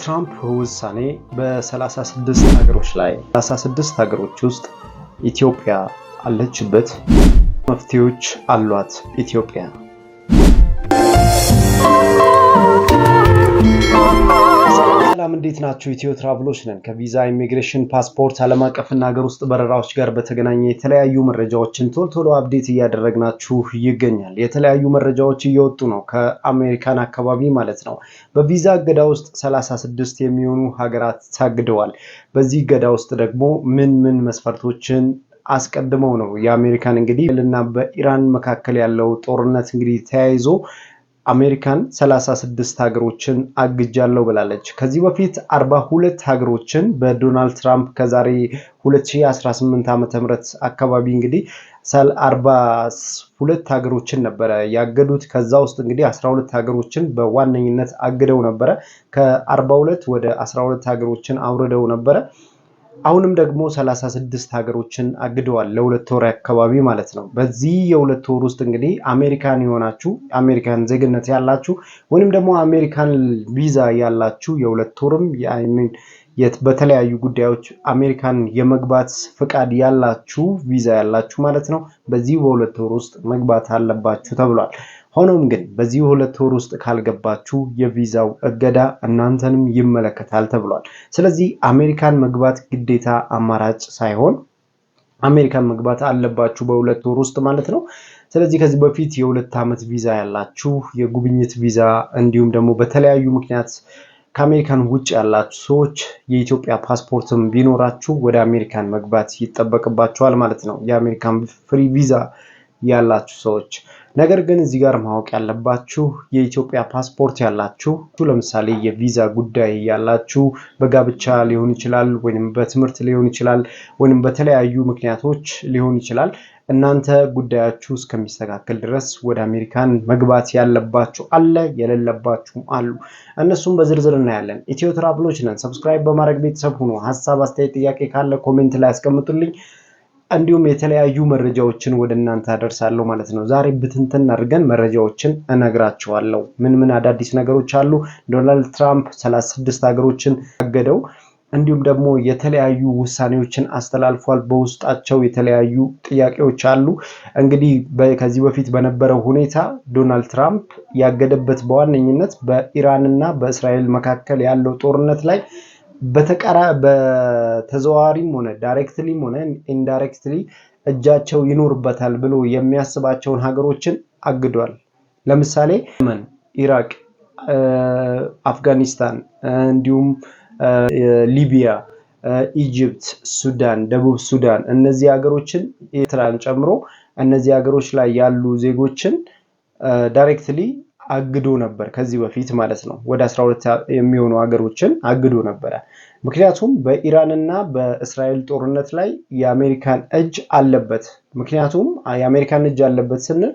ትራምፕ ውሳኔ በ36 ሀገሮች ላይ 36 ሀገሮች ውስጥ ኢትዮጵያ አለችበት። መፍትሄዎች አሏት ኢትዮጵያ ሰላም እንዴት ናችሁ? ኢትዮ ትራቭሎች ነን። ከቪዛ ኢሚግሬሽን፣ ፓስፖርት፣ ዓለም አቀፍና ሀገር ውስጥ በረራዎች ጋር በተገናኘ የተለያዩ መረጃዎችን ቶሎ ቶሎ አብዴት እያደረግናችሁ ይገኛል። የተለያዩ መረጃዎች እየወጡ ነው፣ ከአሜሪካን አካባቢ ማለት ነው። በቪዛ እገዳ ውስጥ 36 የሚሆኑ ሀገራት ታግደዋል። በዚህ እገዳ ውስጥ ደግሞ ምን ምን መስፈርቶችን አስቀድመው ነው የአሜሪካን እንግዲህ እና በኢራን መካከል ያለው ጦርነት እንግዲህ ተያይዞ አሜሪካን 36 ሀገሮችን አግጃለሁ ብላለች። ከዚህ በፊት 42 ሀገሮችን በዶናልድ ትራምፕ ከዛሬ 2018 ዓ ም አካባቢ እንግዲህ 42 ሀገሮችን ነበረ ያገዱት። ከዛ ውስጥ እንግዲህ 12 ሀገሮችን በዋነኝነት አግደው ነበረ። ከ42 ወደ 12 ሀገሮችን አውርደው ነበረ። አሁንም ደግሞ ሰላሳ ስድስት ሀገሮችን አግደዋል ለሁለት ወር አካባቢ ማለት ነው። በዚህ የሁለት ወር ውስጥ እንግዲህ አሜሪካን የሆናችሁ አሜሪካን ዜግነት ያላችሁ ወይም ደግሞ አሜሪካን ቪዛ ያላችሁ የሁለት ወርም በተለያዩ ጉዳዮች አሜሪካን የመግባት ፍቃድ ያላችሁ ቪዛ ያላችሁ ማለት ነው በዚህ በሁለት ወር ውስጥ መግባት አለባችሁ ተብሏል። ሆኖም ግን በዚህ ሁለት ወር ውስጥ ካልገባችሁ የቪዛው እገዳ እናንተንም ይመለከታል ተብሏል። ስለዚህ አሜሪካን መግባት ግዴታ አማራጭ ሳይሆን አሜሪካን መግባት አለባችሁ በሁለት ወር ውስጥ ማለት ነው። ስለዚህ ከዚህ በፊት የሁለት ዓመት ቪዛ ያላችሁ የጉብኝት ቪዛ እንዲሁም ደግሞ በተለያዩ ምክንያት ከአሜሪካን ውጭ ያላችሁ ሰዎች የኢትዮጵያ ፓስፖርትም ቢኖራችሁ ወደ አሜሪካን መግባት ይጠበቅባችኋል ማለት ነው። የአሜሪካን ፍሪ ቪዛ ያላችሁ ሰዎች ነገር ግን እዚህ ጋር ማወቅ ያለባችሁ የኢትዮጵያ ፓስፖርት ያላችሁ ለምሳሌ የቪዛ ጉዳይ ያላችሁ በጋብቻ ሊሆን ይችላል፣ ወይም በትምህርት ሊሆን ይችላል፣ ወይም በተለያዩ ምክንያቶች ሊሆን ይችላል። እናንተ ጉዳያችሁ እስከሚስተካከል ድረስ ወደ አሜሪካን መግባት ያለባችሁ አለ፣ የሌለባችሁም አሉ። እነሱም በዝርዝር እናያለን። ኢትዮ ትራቭሎች ነን። ሰብስክራይብ በማድረግ ቤተሰብ ሁኑ። ሀሳብ አስተያየት፣ ጥያቄ ካለ ኮሜንት ላይ ያስቀምጡልኝ። እንዲሁም የተለያዩ መረጃዎችን ወደ እናንተ አደርሳለሁ ማለት ነው። ዛሬ ብትንትን አድርገን መረጃዎችን እነግራችኋለሁ። ምን ምን አዳዲስ ነገሮች አሉ? ዶናልድ ትራምፕ 36 ሀገሮችን አገደው። እንዲሁም ደግሞ የተለያዩ ውሳኔዎችን አስተላልፏል። በውስጣቸው የተለያዩ ጥያቄዎች አሉ። እንግዲህ ከዚህ በፊት በነበረው ሁኔታ ዶናልድ ትራምፕ ያገደበት በዋነኝነት በኢራን እና በእስራኤል መካከል ያለው ጦርነት ላይ በተቀራ በተዘዋዋሪም ሆነ ዳይሬክትሊም ሆነ ኢንዳይሬክትሊ እጃቸው ይኖርበታል ብሎ የሚያስባቸውን ሀገሮችን አግዷል። ለምሳሌ የመን፣ ኢራቅ፣ አፍጋኒስታን እንዲሁም ሊቢያ፣ ኢጅፕት፣ ሱዳን፣ ደቡብ ሱዳን እነዚህ ሀገሮችን ኤርትራን ጨምሮ እነዚህ ሀገሮች ላይ ያሉ ዜጎችን ዳይሬክትሊ አግዶ ነበር ከዚህ በፊት ማለት ነው። ወደ 12 የሚሆኑ ሀገሮችን አግዶ ነበረ። ምክንያቱም በኢራንና በእስራኤል ጦርነት ላይ የአሜሪካን እጅ አለበት። ምክንያቱም የአሜሪካን እጅ አለበት ስንል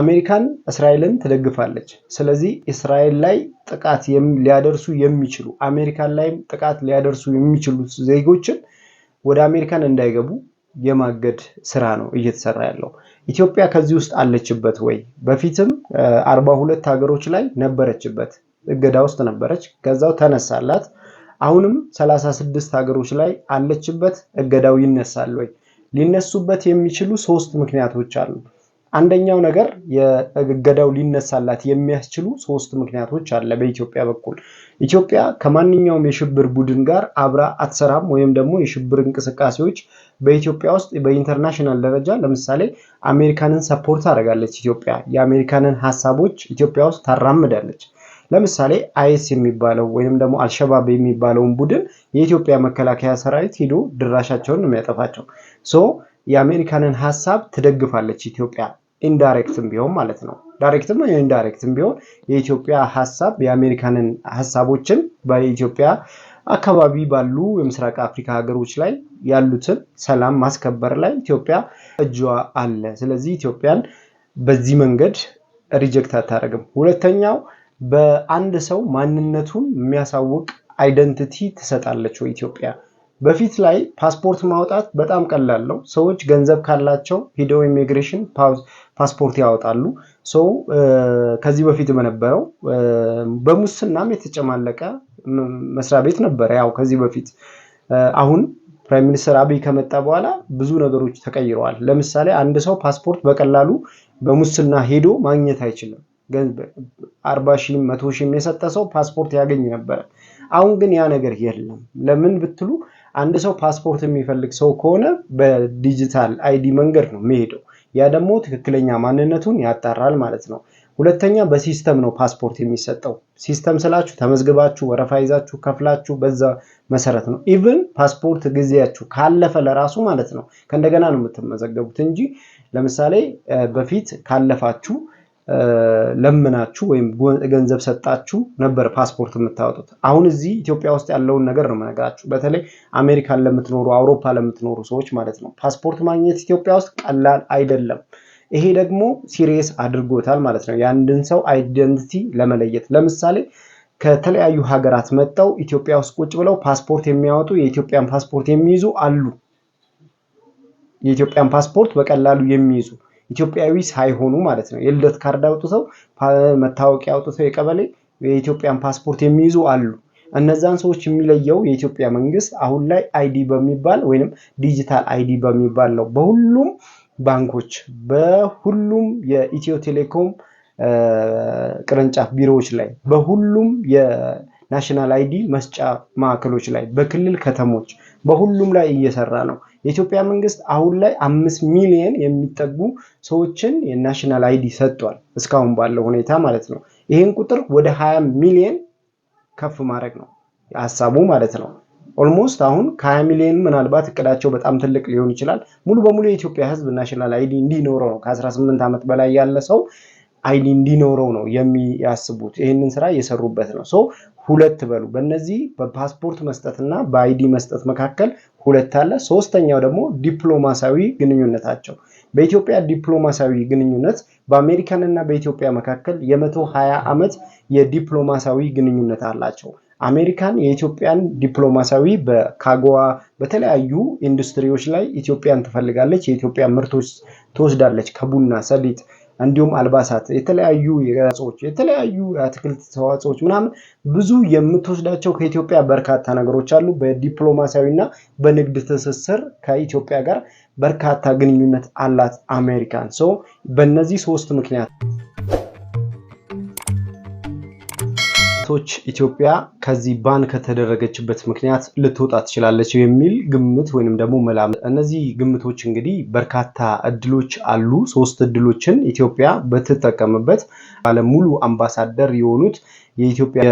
አሜሪካን እስራኤልን ትደግፋለች። ስለዚህ እስራኤል ላይ ጥቃት ሊያደርሱ የሚችሉ አሜሪካን ላይም ጥቃት ሊያደርሱ የሚችሉ ዜጎችን ወደ አሜሪካን እንዳይገቡ የማገድ ስራ ነው እየተሰራ ያለው። ኢትዮጵያ ከዚህ ውስጥ አለችበት ወይ? በፊትም አርባ ሁለት ሀገሮች ላይ ነበረችበት፣ እገዳ ውስጥ ነበረች። ከዛው ተነሳላት። አሁንም ሰላሳ ስድስት ሀገሮች ላይ አለችበት። እገዳው ይነሳል ወይ? ሊነሱበት የሚችሉ ሶስት ምክንያቶች አሉ። አንደኛው ነገር የእገዳው ሊነሳላት የሚያስችሉ ሶስት ምክንያቶች አለ በኢትዮጵያ በኩል ኢትዮጵያ ከማንኛውም የሽብር ቡድን ጋር አብራ አትሰራም፣ ወይም ደግሞ የሽብር እንቅስቃሴዎች በኢትዮጵያ ውስጥ በኢንተርናሽናል ደረጃ ለምሳሌ አሜሪካንን ሰፖርት ታደርጋለች። ኢትዮጵያ የአሜሪካንን ሀሳቦች ኢትዮጵያ ውስጥ ታራምዳለች። ለምሳሌ አይስ የሚባለው ወይም ደግሞ አልሸባብ የሚባለውን ቡድን የኢትዮጵያ መከላከያ ሰራዊት ሂዶ ድራሻቸውን የሚያጠፋቸው ሶ የአሜሪካንን ሀሳብ ትደግፋለች ኢትዮጵያ ኢንዳይሬክትም ቢሆን ማለት ነው። ዳይሬክትም ኢንዳይሬክትም ቢሆን የኢትዮጵያ ሀሳብ የአሜሪካንን ሀሳቦችን በኢትዮጵያ አካባቢ ባሉ የምስራቅ አፍሪካ ሀገሮች ላይ ያሉትን ሰላም ማስከበር ላይ ኢትዮጵያ እጇ አለ። ስለዚህ ኢትዮጵያን በዚህ መንገድ ሪጀክት አታደርግም። ሁለተኛው በአንድ ሰው ማንነቱን የሚያሳውቅ አይደንቲቲ ትሰጣለች ወይ ኢትዮጵያ? በፊት ላይ ፓስፖርት ማውጣት በጣም ቀላል ነው። ሰዎች ገንዘብ ካላቸው ሂደው ኢሚግሬሽን ፓስፖርት ያወጣሉ። ሰው ከዚህ በፊት በነበረው በሙስናም የተጨማለቀ መስሪያ ቤት ነበረ። ያው ከዚህ በፊት አሁን ፕራይም ሚኒስትር አብይ ከመጣ በኋላ ብዙ ነገሮች ተቀይረዋል። ለምሳሌ አንድ ሰው ፓስፖርት በቀላሉ በሙስና ሄዶ ማግኘት አይችልም። አርባ ሺህም መቶ ሺህም የሰጠ ሰው ፓስፖርት ያገኝ ነበረ። አሁን ግን ያ ነገር የለም። ለምን ብትሉ አንድ ሰው ፓስፖርት የሚፈልግ ሰው ከሆነ በዲጂታል አይዲ መንገድ ነው የሚሄደው። ያ ደግሞ ትክክለኛ ማንነቱን ያጣራል ማለት ነው። ሁለተኛ በሲስተም ነው ፓስፖርት የሚሰጠው። ሲስተም ስላችሁ ተመዝግባችሁ ወረፋ ይዛችሁ ከፍላችሁ በዛ መሰረት ነው። ኢቭን ፓስፖርት ጊዜያችሁ ካለፈ ለራሱ ማለት ነው ከእንደገና ነው የምትመዘገቡት እንጂ ለምሳሌ በፊት ካለፋችሁ ለምናችሁ ወይም ገንዘብ ሰጣችሁ ነበር ፓስፖርት የምታወጡት። አሁን እዚህ ኢትዮጵያ ውስጥ ያለውን ነገር ነው የምነግራችሁ። በተለይ አሜሪካን ለምትኖሩ፣ አውሮፓ ለምትኖሩ ሰዎች ማለት ነው። ፓስፖርት ማግኘት ኢትዮጵያ ውስጥ ቀላል አይደለም። ይሄ ደግሞ ሲሪየስ አድርጎታል ማለት ነው፣ የአንድን ሰው አይደንቲቲ ለመለየት። ለምሳሌ ከተለያዩ ሀገራት መጥተው ኢትዮጵያ ውስጥ ቁጭ ብለው ፓስፖርት የሚያወጡ የኢትዮጵያን ፓስፖርት የሚይዙ አሉ። የኢትዮጵያን ፓስፖርት በቀላሉ የሚይዙ ኢትዮጵያዊ ሳይሆኑ ማለት ነው። የልደት ካርድ አውጥተው መታወቂያ አውጥተው የቀበሌ የኢትዮጵያን ፓስፖርት የሚይዙ አሉ። እነዛን ሰዎች የሚለየው የኢትዮጵያ መንግስት አሁን ላይ አይዲ በሚባል ወይንም ዲጂታል አይዲ በሚባል ነው። በሁሉም ባንኮች፣ በሁሉም የኢትዮ ቴሌኮም ቅርንጫፍ ቢሮዎች ላይ፣ በሁሉም የናሽናል አይዲ መስጫ ማዕከሎች ላይ፣ በክልል ከተሞች፣ በሁሉም ላይ እየሰራ ነው። የኢትዮጵያ መንግስት አሁን ላይ አምስት ሚሊየን የሚጠጉ ሰዎችን የናሽናል አይዲ ሰጥቷል። እስካሁን ባለው ሁኔታ ማለት ነው። ይህን ቁጥር ወደ ሀያ ሚሊየን ከፍ ማድረግ ነው ሀሳቡ ማለት ነው። ኦልሞስት አሁን ከሀያ ሚሊዮን ምናልባት እቅዳቸው በጣም ትልቅ ሊሆን ይችላል። ሙሉ በሙሉ የኢትዮጵያ ህዝብ ናሽናል አይዲ እንዲኖረው ነው ከ18 ዓመት በላይ ያለ ሰው አይዲ እንዲኖረው ነው የሚያስቡት። ይህንን ስራ እየሰሩበት ነው። ሰው ሁለት በሉ። በእነዚህ በፓስፖርት መስጠትና በአይዲ መስጠት መካከል ሁለት አለ። ሶስተኛው ደግሞ ዲፕሎማሲያዊ ግንኙነታቸው በኢትዮጵያ ዲፕሎማሲያዊ ግንኙነት በአሜሪካን እና በኢትዮጵያ መካከል የመቶ ሀያ ዓመት የዲፕሎማሲያዊ ግንኙነት አላቸው። አሜሪካን የኢትዮጵያን ዲፕሎማሲያዊ በካጎዋ በተለያዩ ኢንዱስትሪዎች ላይ ኢትዮጵያን ትፈልጋለች። የኢትዮጵያ ምርቶች ትወስዳለች ከቡና ሰሊጥ እንዲሁም አልባሳት፣ የተለያዩ የእጽዎች የተለያዩ የአትክልት ተዋጽኦች ምናምን ብዙ የምትወስዳቸው ከኢትዮጵያ በርካታ ነገሮች አሉ። በዲፕሎማሲያዊና በንግድ ትስስር ከኢትዮጵያ ጋር በርካታ ግንኙነት አላት አሜሪካን ሰው በእነዚህ ሶስት ምክንያት ጥናቶች ኢትዮጵያ ከዚህ ባን ከተደረገችበት ምክንያት ልትወጣ ትችላለች የሚል ግምት ወይንም ደግሞ መላም። እነዚህ ግምቶች እንግዲህ በርካታ እድሎች አሉ። ሶስት እድሎችን ኢትዮጵያ በትጠቀምበት ባለሙሉ አምባሳደር የሆኑት የኢትዮጵያ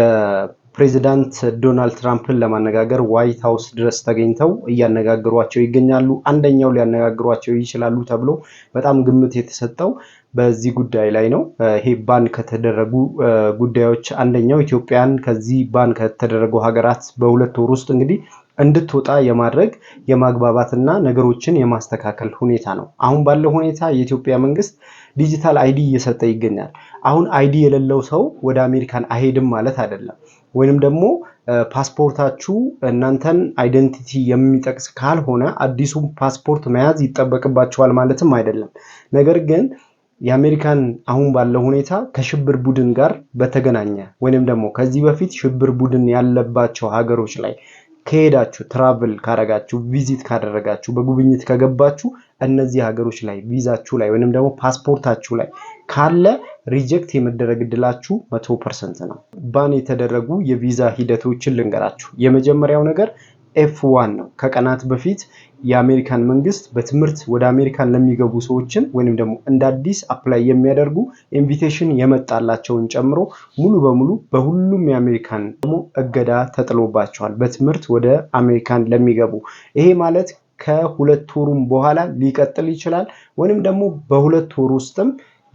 ፕሬዚዳንት ዶናልድ ትራምፕን ለማነጋገር ዋይት ሀውስ ድረስ ተገኝተው እያነጋግሯቸው ይገኛሉ። አንደኛው ሊያነጋግሯቸው ይችላሉ ተብሎ በጣም ግምት የተሰጠው በዚህ ጉዳይ ላይ ነው። ይሄ ባን ከተደረጉ ጉዳዮች አንደኛው ኢትዮጵያን ከዚህ ባን ከተደረጉ ሀገራት በሁለት ወር ውስጥ እንግዲህ እንድትወጣ የማድረግ የማግባባትና ነገሮችን የማስተካከል ሁኔታ ነው። አሁን ባለው ሁኔታ የኢትዮጵያ መንግስት ዲጂታል አይዲ እየሰጠ ይገኛል። አሁን አይዲ የሌለው ሰው ወደ አሜሪካን አይሄድም ማለት አይደለም። ወይንም ደግሞ ፓስፖርታችሁ እናንተን አይደንቲቲ የሚጠቅስ ካልሆነ አዲሱን ፓስፖርት መያዝ ይጠበቅባችኋል ማለትም አይደለም። ነገር ግን የአሜሪካን አሁን ባለው ሁኔታ ከሽብር ቡድን ጋር በተገናኘ ወይንም ደግሞ ከዚህ በፊት ሽብር ቡድን ያለባቸው ሀገሮች ላይ ከሄዳችሁ ትራቭል ካረጋችሁ ቪዚት ካደረጋችሁ በጉብኝት ከገባችሁ እነዚህ ሀገሮች ላይ ቪዛችሁ ላይ ወይንም ደግሞ ፓስፖርታችሁ ላይ ካለ ሪጀክት የመደረግ እድላችሁ መቶ ፐርሰንት ነው። ባን የተደረጉ የቪዛ ሂደቶችን ልንገራችሁ። የመጀመሪያው ነገር ኤፍ ዋን ነው። ከቀናት በፊት የአሜሪካን መንግስት በትምህርት ወደ አሜሪካን ለሚገቡ ሰዎችን ወይም ደግሞ እንደ አዲስ አፕላይ የሚያደርጉ ኢንቪቴሽን የመጣላቸውን ጨምሮ ሙሉ በሙሉ በሁሉም የአሜሪካን ደግሞ እገዳ ተጥሎባቸዋል፣ በትምህርት ወደ አሜሪካን ለሚገቡ ይሄ ማለት ከሁለት ወሩም በኋላ ሊቀጥል ይችላል ወይም ደግሞ በሁለት ወር ውስጥም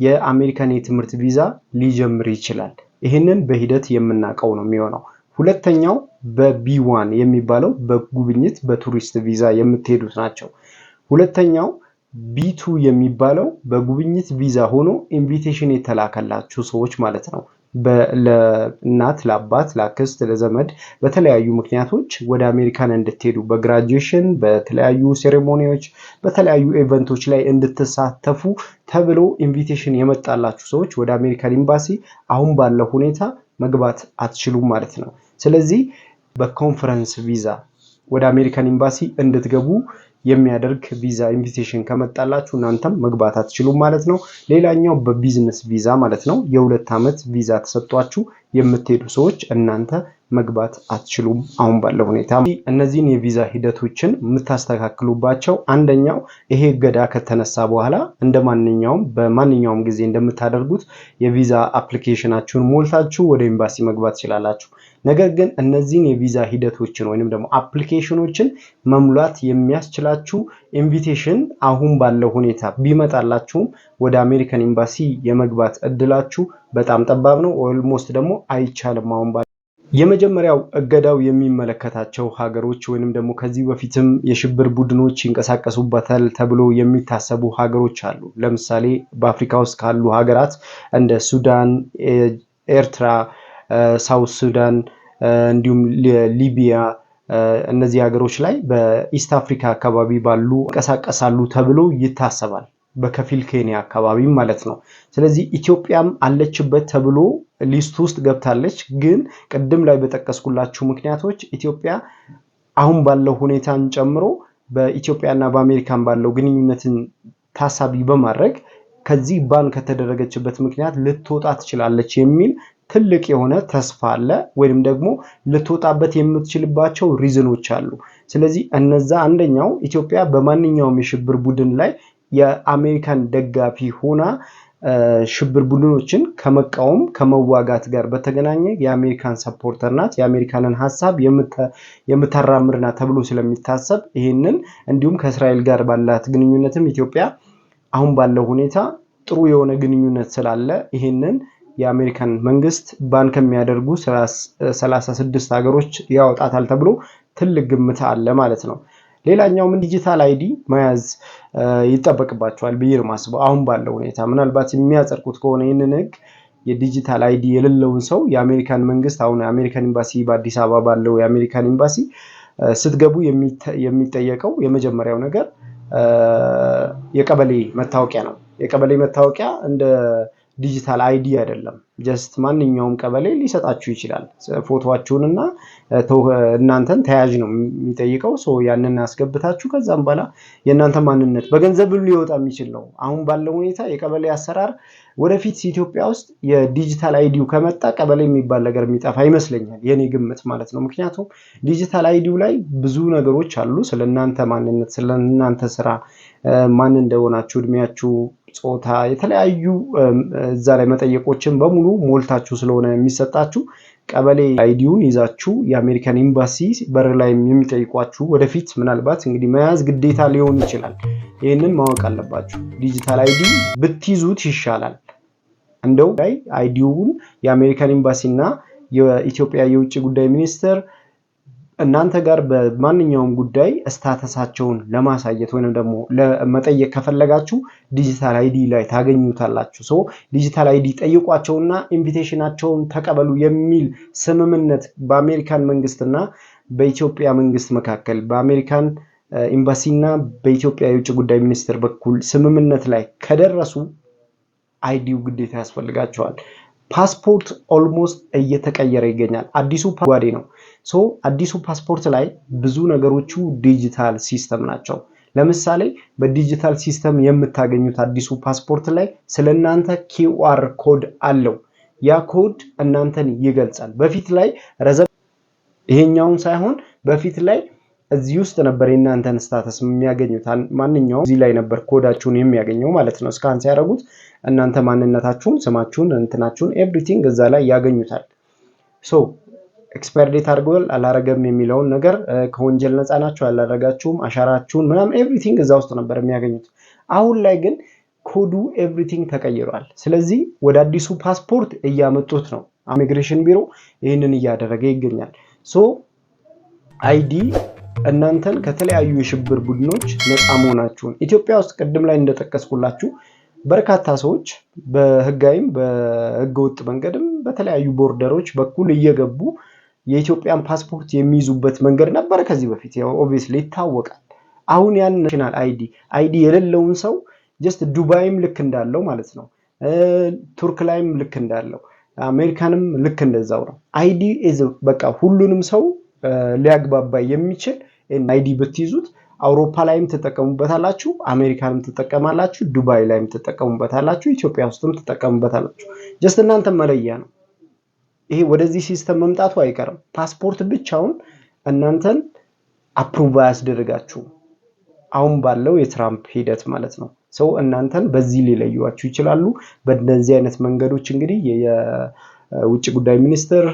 የአሜሪካን የትምህርት ቪዛ ሊጀምር ይችላል። ይህንን በሂደት የምናውቀው ነው የሚሆነው። ሁለተኛው በቢዋን የሚባለው በጉብኝት በቱሪስት ቪዛ የምትሄዱት ናቸው። ሁለተኛው ቢቱ የሚባለው በጉብኝት ቪዛ ሆኖ ኢንቪቴሽን የተላከላችሁ ሰዎች ማለት ነው። ለእናት ለአባት ለአክስት ለዘመድ በተለያዩ ምክንያቶች ወደ አሜሪካን እንድትሄዱ በግራጁዌሽን በተለያዩ ሴሬሞኒዎች በተለያዩ ኢቨንቶች ላይ እንድትሳተፉ ተብሎ ኢንቪቴሽን የመጣላችሁ ሰዎች ወደ አሜሪካን ኤምባሲ አሁን ባለው ሁኔታ መግባት አትችሉም ማለት ነው። ስለዚህ በኮንፈረንስ ቪዛ ወደ አሜሪካን ኤምባሲ እንድትገቡ የሚያደርግ ቪዛ ኢንቪቴሽን ከመጣላችሁ እናንተም መግባት አትችሉም ማለት ነው። ሌላኛው በቢዝነስ ቪዛ ማለት ነው። የሁለት ዓመት ቪዛ ተሰጥቷችሁ የምትሄዱ ሰዎች እናንተ መግባት አትችሉም አሁን ባለው ሁኔታ። እነዚህን የቪዛ ሂደቶችን የምታስተካክሉባቸው አንደኛው ይሄ እገዳ ከተነሳ በኋላ እንደ ማንኛውም በማንኛውም ጊዜ እንደምታደርጉት የቪዛ አፕሊኬሽናችሁን ሞልታችሁ ወደ ኤምባሲ መግባት ትችላላችሁ። ነገር ግን እነዚህን የቪዛ ሂደቶችን ወይንም ደግሞ አፕሊኬሽኖችን መሙላት የሚያስችላችሁ ኢንቪቴሽን አሁን ባለው ሁኔታ ቢመጣላችሁም ወደ አሜሪካን ኤምባሲ የመግባት እድላችሁ በጣም ጠባብ ነው። ኦልሞስት ደግሞ አይቻልም አሁን ባለው የመጀመሪያው እገዳው የሚመለከታቸው ሀገሮች ወይንም ደግሞ ከዚህ በፊትም የሽብር ቡድኖች ይንቀሳቀሱበታል ተብሎ የሚታሰቡ ሀገሮች አሉ። ለምሳሌ በአፍሪካ ውስጥ ካሉ ሀገራት እንደ ሱዳን፣ ኤርትራ ሳውት ሱዳን እንዲሁም ሊቢያ እነዚህ ሀገሮች ላይ በኢስት አፍሪካ አካባቢ ባሉ እንቀሳቀሳሉ ተብሎ ይታሰባል። በከፊል ኬንያ አካባቢ ማለት ነው። ስለዚህ ኢትዮጵያም አለችበት ተብሎ ሊስት ውስጥ ገብታለች። ግን ቅድም ላይ በጠቀስኩላችሁ ምክንያቶች ኢትዮጵያ አሁን ባለው ሁኔታን ጨምሮ በኢትዮጵያና በአሜሪካን ባለው ግንኙነትን ታሳቢ በማድረግ ከዚህ ባን ከተደረገችበት ምክንያት ልትወጣ ትችላለች የሚል ትልቅ የሆነ ተስፋ አለ፣ ወይም ደግሞ ልትወጣበት የምትችልባቸው ሪዝኖች አሉ። ስለዚህ እነዛ አንደኛው ኢትዮጵያ በማንኛውም የሽብር ቡድን ላይ የአሜሪካን ደጋፊ ሆና ሽብር ቡድኖችን ከመቃወም ከመዋጋት ጋር በተገናኘ የአሜሪካን ሰፖርተር ናት። የአሜሪካንን ሀሳብ የምታራምድ ናት ተብሎ ስለሚታሰብ ይህንን እንዲሁም ከእስራኤል ጋር ባላት ግንኙነትም ኢትዮጵያ አሁን ባለው ሁኔታ ጥሩ የሆነ ግንኙነት ስላለ ይህንን የአሜሪካን መንግስት ባን ከሚያደርጉ 36 ሀገሮች ያወጣታል ተብሎ ትልቅ ግምት አለ ማለት ነው። ሌላኛው ምን ዲጂታል አይዲ መያዝ ይጠበቅባቸዋል ብዬ ነው የማስበው። አሁን ባለው ሁኔታ ምናልባት የሚያጸድቁት ከሆነ ይህንን ህግ የዲጂታል አይዲ የሌለውን ሰው የአሜሪካን መንግስት አሁን የአሜሪካን ኤምባሲ በአዲስ አበባ ባለው የአሜሪካን ኤምባሲ ስትገቡ የሚጠየቀው የመጀመሪያው ነገር የቀበሌ መታወቂያ ነው። የቀበሌ መታወቂያ እንደ ዲጂታል አይዲ አይደለም። ጀስት ማንኛውም ቀበሌ ሊሰጣችሁ ይችላል። ፎቶችሁን እናንተን ተያያዥ ነው የሚጠይቀው። ያንን ያስገብታችሁ ከዛም በኋላ የእናንተ ማንነት በገንዘብ ሊወጣ የሚችል ነው። አሁን ባለው ሁኔታ የቀበሌ አሰራር ወደፊት ኢትዮጵያ ውስጥ የዲጂታል አይዲው ከመጣ ቀበሌ የሚባል ነገር የሚጠፋ ይመስለኛል፣ የኔ ግምት ማለት ነው። ምክንያቱም ዲጂታል አይዲው ላይ ብዙ ነገሮች አሉ። ስለ እናንተ ማንነት፣ ስለ እናንተ ስራ ማን እንደሆናችሁ፣ እድሜያችሁ፣ ጾታ፣ የተለያዩ እዛ ላይ መጠየቆችን በሙሉ ሞልታችሁ ስለሆነ የሚሰጣችሁ ቀበሌ አይዲውን ይዛችሁ የአሜሪካን ኤምባሲ በር ላይ የሚጠይቋችሁ ወደፊት ምናልባት እንግዲህ መያዝ ግዴታ ሊሆን ይችላል። ይህንን ማወቅ አለባችሁ። ዲጂታል አይዲ ብትይዙት ይሻላል። እንደው ላይ አይዲውን የአሜሪካን ኤምባሲ እና የኢትዮጵያ የውጭ ጉዳይ ሚኒስቴር እናንተ ጋር በማንኛውም ጉዳይ ስታተሳቸውን ለማሳየት ወይም ደግሞ ለመጠየቅ ከፈለጋችሁ ዲጂታል አይዲ ላይ ታገኙታላችሁ። ሰው ዲጂታል አይዲ ጠይቋቸውና ኢንቪቴሽናቸውን ተቀበሉ የሚል ስምምነት በአሜሪካን መንግስትና በኢትዮጵያ መንግስት መካከል በአሜሪካን ኤምባሲና በኢትዮጵያ የውጭ ጉዳይ ሚኒስቴር በኩል ስምምነት ላይ ከደረሱ አይዲው ግዴታ ያስፈልጋቸዋል። ፓስፖርት ኦልሞስት እየተቀየረ ይገኛል። አዲሱ ጓዴ ነው። ሶ አዲሱ ፓስፖርት ላይ ብዙ ነገሮቹ ዲጂታል ሲስተም ናቸው። ለምሳሌ በዲጂታል ሲስተም የምታገኙት አዲሱ ፓስፖርት ላይ ስለ እናንተ ኪውአር ኮድ አለው። ያ ኮድ እናንተን ይገልጻል። በፊት ላይ ረዘም ይሄኛውን ሳይሆን በፊት ላይ እዚህ ውስጥ ነበር የእናንተን ስታተስ የሚያገኙት። ማንኛውም እዚህ ላይ ነበር ኮዳችሁን የሚያገኘው ማለት ነው። እስካን ሲያደርጉት እናንተ ማንነታችሁን፣ ስማችሁን፣ እንትናችሁን ኤቭሪቲንግ እዛ ላይ ያገኙታል። ሶ ኤክስፐርዴት ዴት አድርገዋል አላረገም የሚለውን ነገር ከወንጀል ነፃ ናችሁ አላረጋችሁም፣ አሻራችሁን ምናምን ኤቭሪቲንግ እዛ ውስጥ ነበር የሚያገኙት። አሁን ላይ ግን ኮዱ ኤቭሪቲንግ ተቀይሯል። ስለዚህ ወደ አዲሱ ፓስፖርት እያመጡት ነው። ኢሚግሬሽን ቢሮ ይህንን እያደረገ ይገኛል። ሶ አይዲ እናንተን ከተለያዩ የሽብር ቡድኖች ነፃ መሆናችሁን ኢትዮጵያ ውስጥ ቅድም ላይ እንደጠቀስኩላችሁ በርካታ ሰዎች በህጋዊም በህገወጥ መንገድም በተለያዩ ቦርደሮች በኩል እየገቡ የኢትዮጵያን ፓስፖርት የሚይዙበት መንገድ ነበረ። ከዚህ በፊት ኦብቪየስሊ ይታወቃል። አሁን ያን ናሽናል አይዲ አይዲ የሌለውን ሰው ጀስት ዱባይም ልክ እንዳለው ማለት ነው፣ ቱርክ ላይም ልክ እንዳለው፣ አሜሪካንም ልክ እንደዛው ነው። አይዲ በቃ ሁሉንም ሰው ሊያግባባ የሚችል አይዲ ብትይዙት አውሮፓ ላይም ትጠቀሙበታላችሁ፣ አሜሪካንም ትጠቀማላችሁ፣ ዱባይ ላይም ትጠቀሙበታላችሁ፣ ኢትዮጵያ ውስጥም ትጠቀሙበታላችሁ። ጀስት እናንተ መለያ ነው። ይሄ ወደዚህ ሲስተም መምጣቱ አይቀርም። ፓስፖርት ብቻውን እናንተን አፕሩቭ አያስደርጋችሁም። አሁን ባለው የትራምፕ ሂደት ማለት ነው። ሰው እናንተን በዚህ ሊለዩዋችሁ ይችላሉ። በእነዚህ አይነት መንገዶች እንግዲህ የውጭ ጉዳይ ሚኒስትር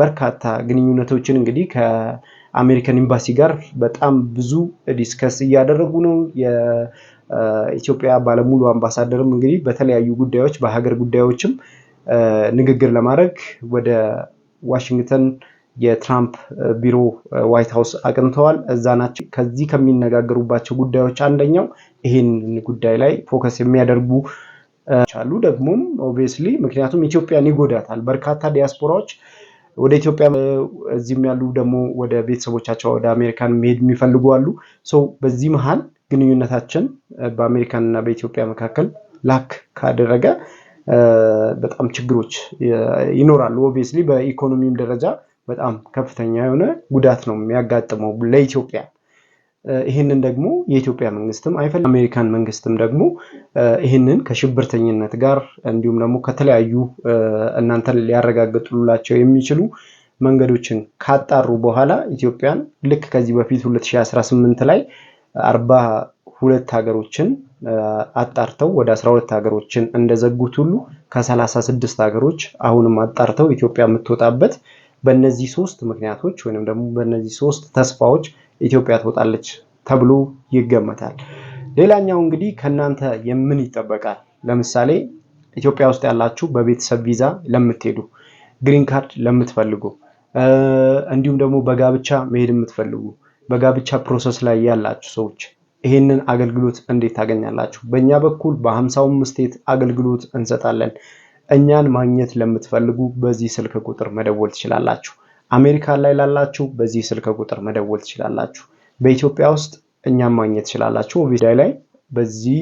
በርካታ ግንኙነቶችን እንግዲህ ከአሜሪካን ኤምባሲ ጋር በጣም ብዙ ዲስከስ እያደረጉ ነው። የኢትዮጵያ ባለሙሉ አምባሳደርም እንግዲህ በተለያዩ ጉዳዮች በሀገር ጉዳዮችም ንግግር ለማድረግ ወደ ዋሽንግተን የትራምፕ ቢሮ ዋይት ሀውስ አቅንተዋል። እዛ ናቸው። ከዚህ ከሚነጋገሩባቸው ጉዳዮች አንደኛው ይህንን ጉዳይ ላይ ፎከስ የሚያደርጉ አሉ። ደግሞም ኦብቪየስሊ ምክንያቱም ኢትዮጵያን ይጎዳታል። በርካታ ዲያስፖራዎች ወደ ኢትዮጵያ እዚህም ያሉ ደግሞ ወደ ቤተሰቦቻቸው ወደ አሜሪካን መሄድ የሚፈልጉ አሉ። ሰው በዚህ መሀል ግንኙነታችን እና በኢትዮጵያ መካከል ላክ ካደረገ በጣም ችግሮች ይኖራሉ። ኦብቪየስሊ በኢኮኖሚም ደረጃ በጣም ከፍተኛ የሆነ ጉዳት ነው የሚያጋጥመው ለኢትዮጵያ። ይህንን ደግሞ የኢትዮጵያ መንግስትም አይፈልግም። አሜሪካን መንግስትም ደግሞ ይህንን ከሽብርተኝነት ጋር እንዲሁም ደግሞ ከተለያዩ እናንተን ሊያረጋግጡላቸው የሚችሉ መንገዶችን ካጣሩ በኋላ ኢትዮጵያን ልክ ከዚህ በፊት 2018 ላይ አርባ ሁለት ሀገሮችን አጣርተው ወደ 12 ሀገሮችን እንደዘጉት ሁሉ ከ36 ሀገሮች አሁንም አጣርተው ኢትዮጵያ የምትወጣበት በእነዚህ ሶስት ምክንያቶች ወይም ደግሞ በእነዚህ ሶስት ተስፋዎች ኢትዮጵያ ትወጣለች ተብሎ ይገመታል። ሌላኛው እንግዲህ ከእናንተ የምን ይጠበቃል? ለምሳሌ ኢትዮጵያ ውስጥ ያላችሁ በቤተሰብ ቪዛ ለምትሄዱ፣ ግሪን ካርድ ለምትፈልጉ፣ እንዲሁም ደግሞ በጋብቻ መሄድ የምትፈልጉ በጋብቻ ፕሮሰስ ላይ ያላችሁ ሰዎች ይህንን አገልግሎት እንዴት ታገኛላችሁ? በእኛ በኩል በሀምሳውም ስቴት አገልግሎት እንሰጣለን። እኛን ማግኘት ለምትፈልጉ በዚህ ስልክ ቁጥር መደወል ትችላላችሁ። አሜሪካን ላይ ላላችሁ በዚህ ስልክ ቁጥር መደወል ትችላላችሁ። በኢትዮጵያ ውስጥ እኛም ማግኘት ትችላላችሁ። ቪዲዮ ላይ በዚህ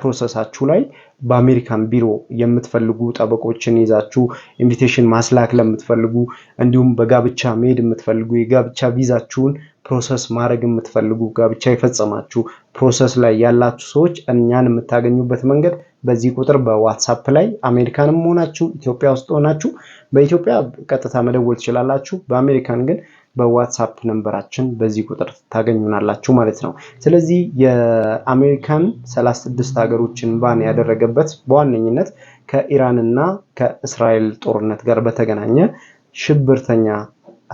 ፕሮሰሳችሁ ላይ በአሜሪካን ቢሮ የምትፈልጉ ጠበቆችን ይዛችሁ ኢንቪቴሽን ማስላክ ለምትፈልጉ እንዲሁም በጋብቻ መሄድ የምትፈልጉ የጋብቻ ቪዛችሁን ፕሮሰስ ማድረግ የምትፈልጉ ጋብቻ የፈጸማችሁ ፕሮሰስ ላይ ያላችሁ ሰዎች እኛን የምታገኙበት መንገድ በዚህ ቁጥር በዋትሳፕ ላይ አሜሪካንም ሆናችሁ ኢትዮጵያ ውስጥ ሆናችሁ በኢትዮጵያ ቀጥታ መደወል ትችላላችሁ። በአሜሪካን ግን በዋትሳፕ ነንበራችን በዚህ ቁጥር ታገኙናላችሁ ማለት ነው። ስለዚህ የአሜሪካን 36 ሀገሮችን ባን ያደረገበት በዋነኝነት ከኢራን እና ከእስራኤል ጦርነት ጋር በተገናኘ ሽብርተኛ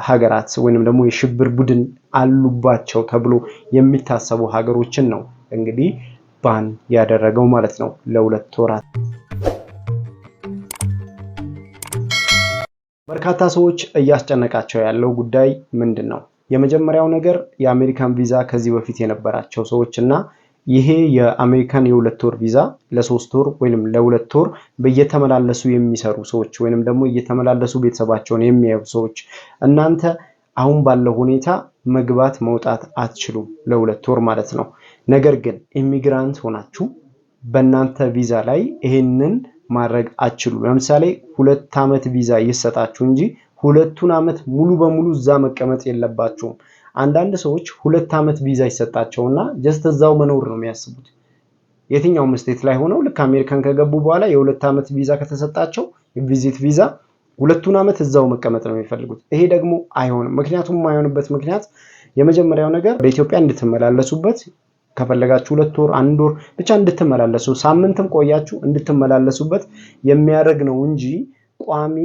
ሀገራት ወይንም ደግሞ የሽብር ቡድን አሉባቸው ተብሎ የሚታሰቡ ሀገሮችን ነው እንግዲህ ባን ያደረገው ማለት ነው ለሁለት ወራት በርካታ ሰዎች እያስጨነቃቸው ያለው ጉዳይ ምንድን ነው? የመጀመሪያው ነገር የአሜሪካን ቪዛ ከዚህ በፊት የነበራቸው ሰዎች እና ይሄ የአሜሪካን የሁለት ወር ቪዛ ለሶስት ወር ወይም ለሁለት ወር እየተመላለሱ የሚሰሩ ሰዎች ወይም ደግሞ እየተመላለሱ ቤተሰባቸውን የሚያዩ ሰዎች እናንተ አሁን ባለው ሁኔታ መግባት መውጣት አትችሉም ለሁለት ወር ማለት ነው። ነገር ግን ኢሚግራንት ሆናችሁ በእናንተ ቪዛ ላይ ይሄንን ማድረግ አችሉ ለምሳሌ ሁለት ዓመት ቪዛ ይሰጣችሁ እንጂ ሁለቱን ዓመት ሙሉ በሙሉ እዛ መቀመጥ የለባችሁም። አንዳንድ ሰዎች ሁለት ዓመት ቪዛ ይሰጣቸውና ጀስት እዛው መኖር ነው የሚያስቡት። የትኛውም ስቴት ላይ ሆነው ልክ አሜሪካን ከገቡ በኋላ የሁለት ዓመት ቪዛ ከተሰጣቸው ቪዚት ቪዛ ሁለቱን ዓመት እዛው መቀመጥ ነው የሚፈልጉት። ይሄ ደግሞ አይሆንም። ምክንያቱም የማይሆንበት ምክንያት የመጀመሪያው ነገር በኢትዮጵያ እንድትመላለሱበት ከፈለጋችሁ ሁለት ወር አንድ ወር ብቻ እንድትመላለሱ ሳምንትም ቆያችሁ እንድትመላለሱበት የሚያደርግ ነው እንጂ ቋሚ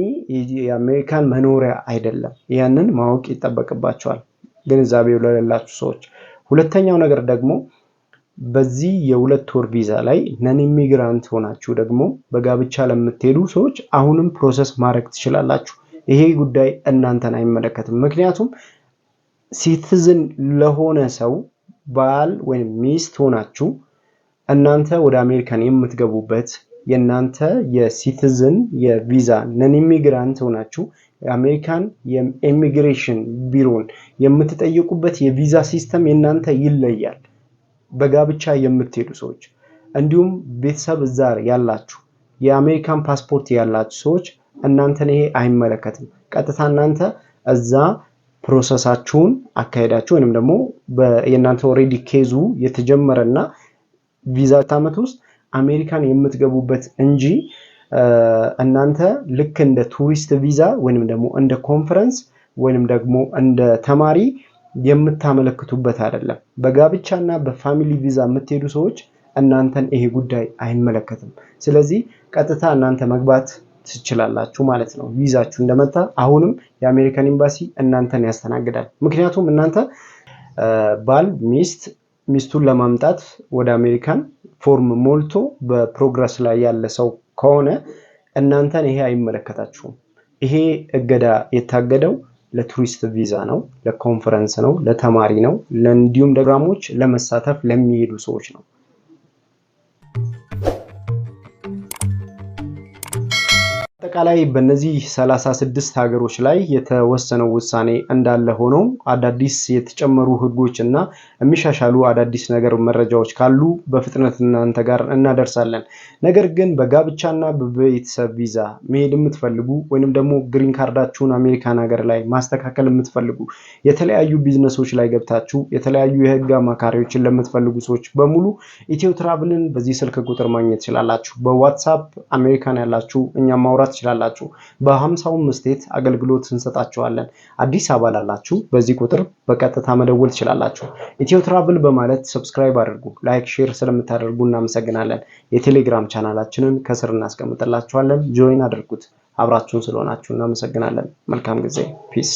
የአሜሪካን መኖሪያ አይደለም። ያንን ማወቅ ይጠበቅባቸዋል፣ ግንዛቤው ለሌላችሁ ሰዎች። ሁለተኛው ነገር ደግሞ በዚህ የሁለት ወር ቪዛ ላይ ነን ኢሚግራንት ሆናችሁ ደግሞ በጋብቻ ለምትሄዱ ሰዎች አሁንም ፕሮሰስ ማድረግ ትችላላችሁ። ይሄ ጉዳይ እናንተን አይመለከትም። ምክንያቱም ሲቲዝን ለሆነ ሰው ባል ወይም ሚስት ሆናችሁ እናንተ ወደ አሜሪካን የምትገቡበት የእናንተ የሲቲዝን የቪዛ ነን ኢሚግራንት ሆናችሁ የአሜሪካን የኢሚግሬሽን ቢሮን የምትጠይቁበት የቪዛ ሲስተም የእናንተ ይለያል። በጋብቻ የምትሄዱ ሰዎች እንዲሁም ቤተሰብ እዛ ያላችሁ የአሜሪካን ፓስፖርት ያላችሁ ሰዎች እናንተን ይሄ አይመለከትም። ቀጥታ እናንተ እዛ ፕሮሰሳችሁን አካሄዳችሁ ወይንም ደግሞ የእናንተ ኦልሬዲ ኬዙ የተጀመረና ቪዛ ዓመት ውስጥ አሜሪካን የምትገቡበት እንጂ እናንተ ልክ እንደ ቱሪስት ቪዛ ወይንም ደግሞ እንደ ኮንፈረንስ ወይንም ደግሞ እንደ ተማሪ የምታመለክቱበት አይደለም። በጋብቻና በፋሚሊ ቪዛ የምትሄዱ ሰዎች እናንተን ይሄ ጉዳይ አይመለከትም። ስለዚህ ቀጥታ እናንተ መግባት ትችላላችሁ ማለት ነው። ቪዛችሁ እንደመጣ አሁንም የአሜሪካን ኤምባሲ እናንተን ያስተናግዳል። ምክንያቱም እናንተ ባል ሚስት ሚስቱን ለማምጣት ወደ አሜሪካን ፎርም ሞልቶ በፕሮግረስ ላይ ያለ ሰው ከሆነ እናንተን ይሄ አይመለከታችሁም። ይሄ እገዳ የታገደው ለቱሪስት ቪዛ ነው፣ ለኮንፈረንስ ነው፣ ለተማሪ ነው፣ እንዲሁም ፕሮግራሞች ለመሳተፍ ለሚሄዱ ሰዎች ነው። በአጠቃላይ በእነዚህ 36 ሀገሮች ላይ የተወሰነው ውሳኔ እንዳለ ሆኖም አዳዲስ የተጨመሩ ህጎች እና የሚሻሻሉ አዳዲስ ነገር መረጃዎች ካሉ በፍጥነት እናንተ ጋር እናደርሳለን። ነገር ግን በጋብቻና በቤተሰብ ቪዛ መሄድ የምትፈልጉ ወይንም ደግሞ ግሪን ካርዳችሁን አሜሪካን ሀገር ላይ ማስተካከል የምትፈልጉ የተለያዩ ቢዝነሶች ላይ ገብታችሁ የተለያዩ የህግ አማካሪዎችን ለምትፈልጉ ሰዎች በሙሉ ኢትዮ ትራቭልን በዚህ ስልክ ቁጥር ማግኘት ትችላላችሁ። በዋትሳፕ አሜሪካን ያላችሁ እኛም ማውራት ትችላላችሁ። በሀምሳውም ስቴት አገልግሎት እንሰጣችኋለን። አዲስ አበባ ላላችሁ በዚህ ቁጥር በቀጥታ መደወል ትችላላችሁ። ኢትዮ ትራቭል በማለት ሰብስክራይብ አድርጉ። ላይክ፣ ሼር ስለምታደርጉ እናመሰግናለን። የቴሌግራም ቻናላችንን ከስር እናስቀምጥላችኋለን። ጆይን አድርጉት። አብራችሁን ስለሆናችሁ እናመሰግናለን። መልካም ጊዜ። ፒስ